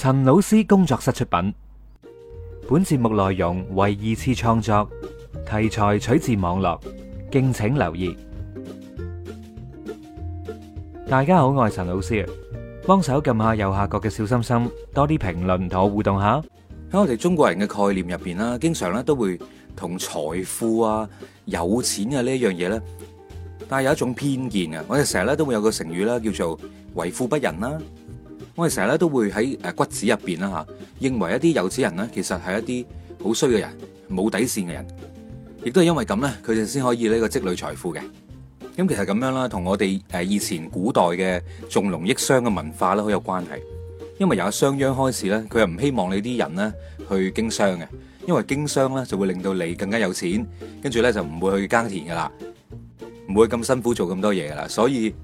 陳老師工作室出品，本節目內容為二次創作，題材取自網絡，敬請留意。大家好，我係陳老師，幫手撳下右下角嘅小心心，多啲評論同我互動下。喺我哋中國人嘅概念入邊啦，經常咧都會同財富啊、有錢啊呢一樣嘢咧，帶有一種偏見啊，我哋成日咧都會有個成語啦，叫做為富不仁啦。我哋成日咧都會喺誒骨子入邊啦嚇，認為一啲有錢人咧其實係一啲好衰嘅人，冇底線嘅人，亦都係因為咁咧，佢哋先可以呢個積累財富嘅。咁其實咁樣啦，同我哋誒以前古代嘅重農抑商嘅文化咧好有關係。因為由商鞅開始咧，佢係唔希望你啲人咧去經商嘅，因為經商咧就會令到你更加有錢，跟住咧就唔會去耕田㗎喇，唔會咁辛苦做咁多嘢㗎喇，所以。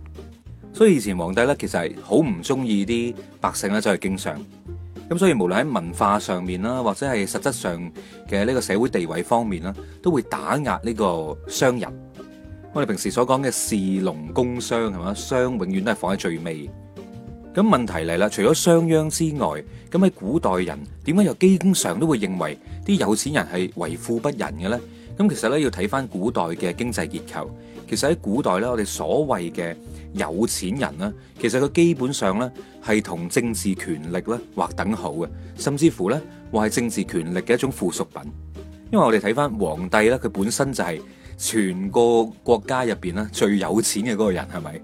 所以以前皇帝咧，其實係好唔中意啲百姓咧，就係經商。咁所以無論喺文化上面啦，或者係實質上嘅呢個社會地位方面啦，都會打壓呢個商人。我哋平時所講嘅士農工商係嘛，商永遠都係放喺最尾。咁問題嚟啦，除咗商鞅之外，咁喺古代人點解又基本上都會認為啲有錢人係為富不仁嘅咧？咁其實咧要睇翻古代嘅經濟結構。其實喺古代咧，我哋所謂嘅有錢人咧，其實佢基本上咧係同政治權力咧劃等號嘅，甚至乎咧話係政治權力嘅一種附屬品。因為我哋睇翻皇帝咧，佢本身就係全個國家入邊咧最有錢嘅嗰個人，係咪？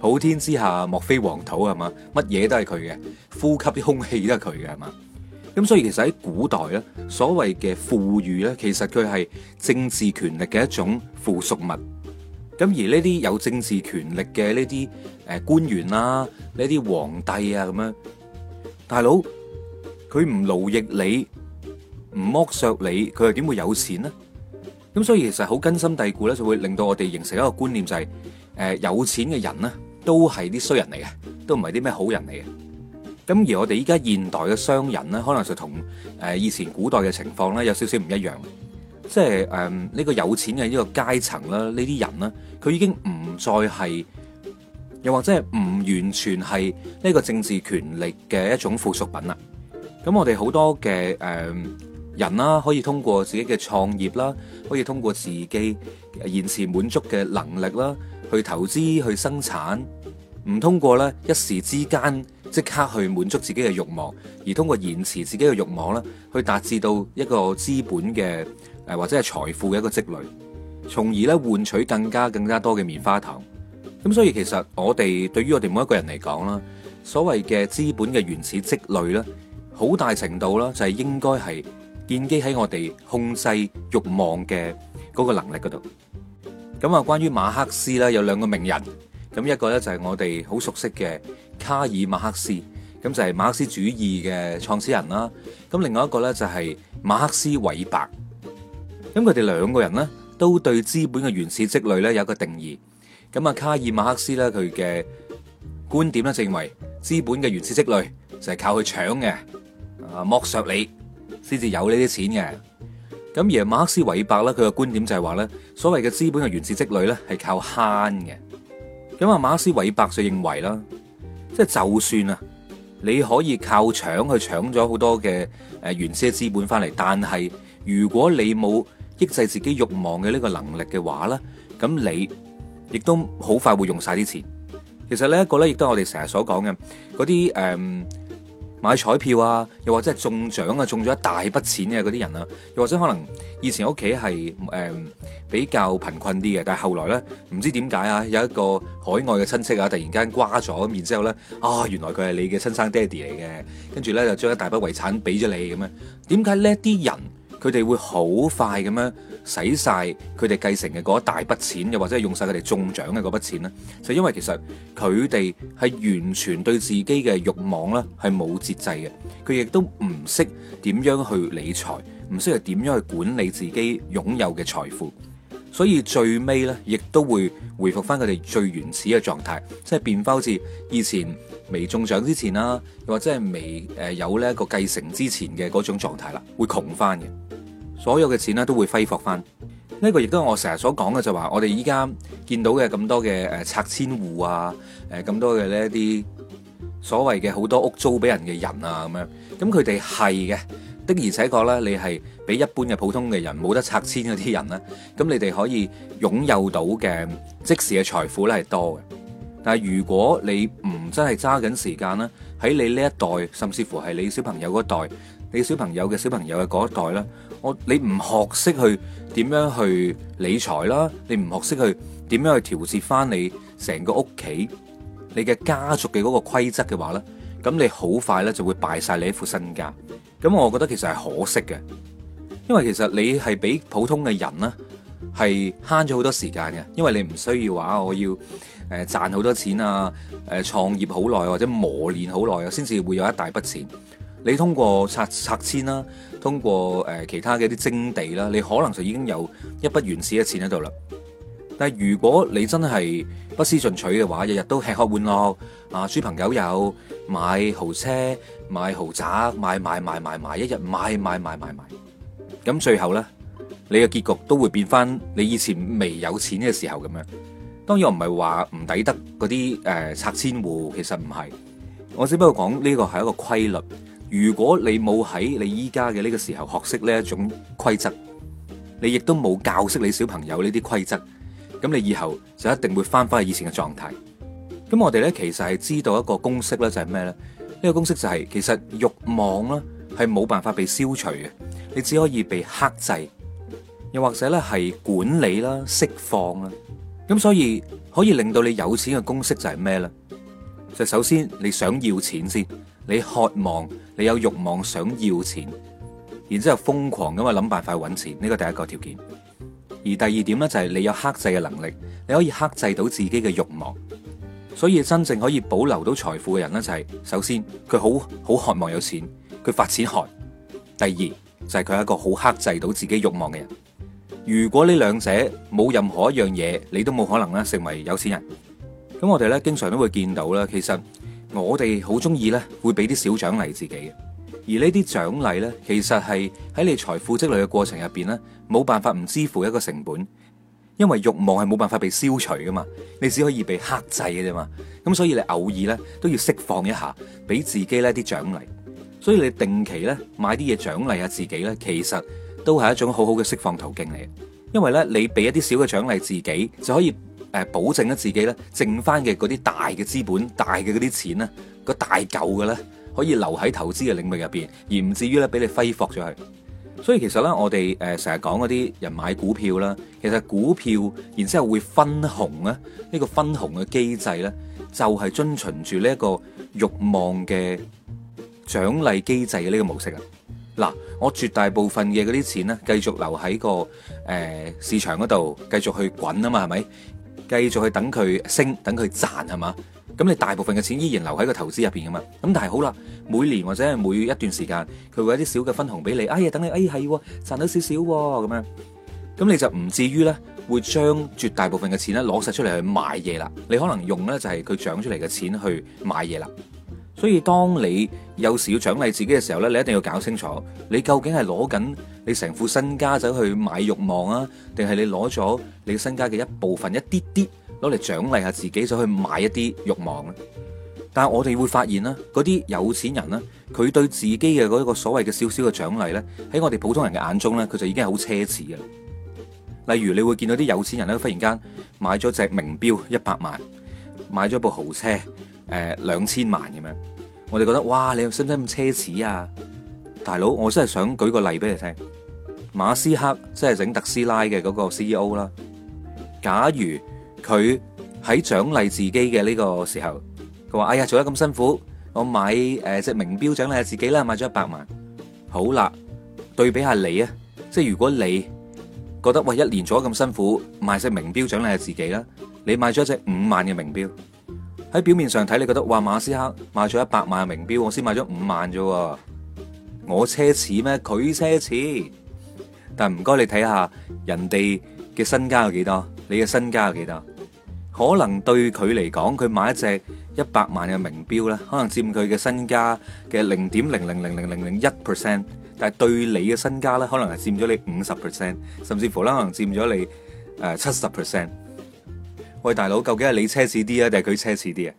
普天之下莫非黃土係嘛，乜嘢都係佢嘅，呼吸啲空氣都係佢嘅係嘛。咁所以其實喺古代咧，所謂嘅富裕咧，其實佢係政治權力嘅一種附屬物。咁而呢啲有政治權力嘅呢啲誒官員啦、啊，呢啲皇帝啊咁樣，大佬佢唔勞役你，唔剝削你，佢又點會有錢呢？咁所以其實好根深蒂固咧，就會令到我哋形成一個觀念，就是，就係誒有錢嘅人咧，都係啲衰人嚟嘅，都唔係啲咩好人嚟嘅。咁而我哋依家現代嘅商人咧，可能就同誒以前古代嘅情況咧有少少唔一樣。即係誒呢個有錢嘅呢個階層啦，呢啲人咧，佢已經唔再係，又或者係唔完全係呢個政治權力嘅一種附屬品啦。咁我哋好多嘅誒人啦，可以通過自己嘅創業啦，可以通過自己延遲滿足嘅能力啦，去投資去生產，唔通過呢一時之間即刻去滿足自己嘅欲望，而通過延遲自己嘅欲望啦，去達至到一個資本嘅。誒，或者係財富嘅一個積累，從而咧換取更加更加多嘅棉花糖。咁所以其實我哋對於我哋每一個人嚟講啦，所謂嘅資本嘅原始積累咧，好大程度啦，就係應該係建基喺我哋控制慾望嘅嗰個能力嗰度。咁啊，關於馬克思啦，有兩個名人，咁一個咧就係我哋好熟悉嘅卡爾馬克思，咁就係馬克思主義嘅創始人啦。咁另外一個咧就係馬克思韋伯。咁佢哋兩個人咧，都對資本嘅原始積累咧有一個定義。咁啊，卡爾馬克思咧，佢嘅觀點咧就認為，資本嘅原始積累就係靠去搶嘅，啊剝削你先至有呢啲錢嘅。咁而阿馬克思韋伯咧，佢嘅觀點就係話咧，所謂嘅資本嘅原始積累咧係靠慳嘅。咁阿馬克思韋伯就認為啦，即係就算啊，你可以靠搶去搶咗好多嘅誒原始資本翻嚟，但係如果你冇，抑制自己慾望嘅呢個能力嘅話咧，咁你亦都好快會用晒啲錢。其實呢一個咧，亦都係我哋成日所講嘅嗰啲誒，買彩票啊，又或者係中獎啊，中咗一大筆錢嘅嗰啲人啊，又或者可能以前屋企係誒比較貧困啲嘅，但係後來咧唔知點解啊，有一個海外嘅親戚啊，突然間瓜咗，咁然之後咧啊，原來佢係你嘅親生爹哋嚟嘅，跟住咧就將一大筆遺產俾咗你咁樣。點解呢一啲人，佢哋會好快咁樣使晒佢哋繼承嘅嗰一大筆錢，又或者係用晒佢哋中獎嘅嗰筆錢呢，就因為其實佢哋係完全對自己嘅慾望呢係冇節制嘅，佢亦都唔識點樣去理財，唔識係點樣去管理自己擁有嘅財富。所以最尾咧，亦都會回復翻佢哋最原始嘅狀態，即係變翻好似以前未中獎之前啦，又或者係未誒有呢一個繼承之前嘅嗰種狀態啦，會窮翻嘅，所有嘅錢咧都會揮霍翻。呢個亦都係我成日所講嘅，就話我哋依家見到嘅咁多嘅誒拆遷戶啊，誒咁多嘅呢一啲所謂嘅好多屋租俾人嘅人啊咁樣，咁佢哋係嘅。的而且確咧，你係比一般嘅普通嘅人冇得拆遷嗰啲人咧，咁你哋可以擁有到嘅即時嘅財富咧係多嘅。但係如果你唔真係揸緊時間咧，喺你呢一代，甚至乎係你小朋友嗰代，你小朋友嘅小朋友嘅嗰一代咧，我你唔學識去點樣去理財啦，你唔學識去點樣去調節翻你成個屋企、你嘅家族嘅嗰個規則嘅話咧，咁你好快咧就會敗晒你一副身家。咁我覺得其實係可惜嘅，因為其實你係比普通嘅人呢係慳咗好多時間嘅，因為你唔需要話我要誒賺好多錢啊，誒創業好耐或者磨練好耐先至會有一大筆錢。你通過拆拆遷啦，通過其他嘅啲徵地啦，你可能就已經有一筆原始嘅錢喺度啦。但係如果你真係不思進取嘅話，日日都吃喝玩樂啊，豬朋狗友、買豪車、買豪宅、買買買買買，買，買，買，買，買，一日買，買買買買買，咁最後呢，你嘅結局都會變翻你以前未有錢嘅時候咁樣。當然我唔係話唔抵得嗰啲誒拆遷戶，其實唔係，我只不過講呢個係一個規律。如果你冇喺你依家嘅呢個時候學識呢一種規則，你亦都冇教識你小朋友呢啲規則。咁你以後就一定會翻翻去以前嘅狀態。咁我哋咧其實係知道一個公式咧就係咩咧？呢個公式就係其實欲望啦係冇辦法被消除嘅，你只可以被克制，又或者咧係管理啦、釋放啦。咁所以可以令到你有錢嘅公式就係咩咧？就首先你想要錢先，你渴望你有欲望想要錢，然之後瘋狂咁啊諗辦法去搵錢，呢個第一個條件。而第二點咧就係你有克制嘅能力，你可以克制到自己嘅欲望。所以真正可以保留到財富嘅人咧，就是，就係首先佢好好渴望有錢，佢發錢寒；第二就係佢係一個好克制到自己欲望嘅人。如果呢兩者冇任何一樣嘢，你都冇可能咧成為有錢人。咁我哋咧經常都會見到啦。其實我哋好中意咧會俾啲小獎勵自己。而呢啲獎勵呢，其實係喺你財富積累嘅過程入邊呢，冇辦法唔支付一個成本，因為欲望係冇辦法被消除噶嘛，你只可以被克制嘅啫嘛。咁所以你偶爾呢，都要釋放一下，俾自己呢啲獎勵。所以你定期呢，買啲嘢獎勵下自己呢，其實都係一種好好嘅釋放途徑嚟。因為呢，你俾一啲少嘅獎勵自己，就可以誒保證咧自己呢，剩翻嘅嗰啲大嘅資本、大嘅嗰啲錢咧個大嚿嘅呢。可以留喺投資嘅領域入邊，而唔至於咧俾你揮霍咗佢。所以其實咧，我哋誒成日講嗰啲人買股票啦，其實股票然之後會分紅咧，呢、呢個分紅嘅機制咧，就係遵循住呢一個欲望嘅獎勵機制嘅呢個模式啊。嗱，我絕大部分嘅嗰啲錢咧，繼續留喺個誒市場嗰度，繼續去滾啊嘛，係咪？繼續去等佢升，等佢賺係嘛？咁你大部分嘅錢依然留喺個投資入面㗎嘛？咁但係好啦，每年或者係每一段時間，佢會有啲少嘅分紅俾你。哎呀，等你哎係賺到少少咁樣，咁你就唔至於咧，會將絕大部分嘅錢咧攞晒出嚟去買嘢啦。你可能用咧就係佢長出嚟嘅錢去買嘢啦。所以當你有時要獎勵自己嘅時候呢，你一定要搞清楚，你究竟係攞緊你成副身家走去買欲望啊，定係你攞咗你身家嘅一部分一啲啲攞嚟獎勵下自己，走去買一啲欲望咧？但係我哋會發現咧，嗰啲有錢人咧，佢對自己嘅嗰個所謂嘅少少嘅獎勵呢，喺我哋普通人嘅眼中呢，佢就已經係好奢侈嘅啦。例如你會見到啲有錢人呢，忽然間買咗隻名表一百萬，買咗部豪車。誒、呃，兩千萬咁樣，我哋覺得哇，你有使唔使咁奢侈啊，大佬？我真係想舉個例俾你聽，馬斯克即係整特斯拉嘅嗰個 CEO 啦。假如佢喺獎勵自己嘅呢個時候，佢話哎呀，做得咁辛苦，我買誒隻名錶獎勵下自己啦，買咗一百萬。好啦，對比下你啊，即係如果你覺得喂一年做咗咁辛苦，買隻名錶獎勵下自己啦，你買咗隻五萬嘅名錶。喺表面上睇，你覺得哇，馬斯克買咗一百萬嘅名表，我先買咗五萬啫，我奢侈咩？佢奢侈，但係唔該你睇下人哋嘅身家有幾多，你嘅身家有幾多？可能對佢嚟講，佢買一隻一百萬嘅名表咧，可能佔佢嘅身家嘅零點零零零零零零一 percent，但係對你嘅身家咧，可能係佔咗你五十 percent，甚至乎咧可能佔咗你誒七十 percent。喂，大佬，究竟係你奢侈啲啊，定係佢奢侈啲啊？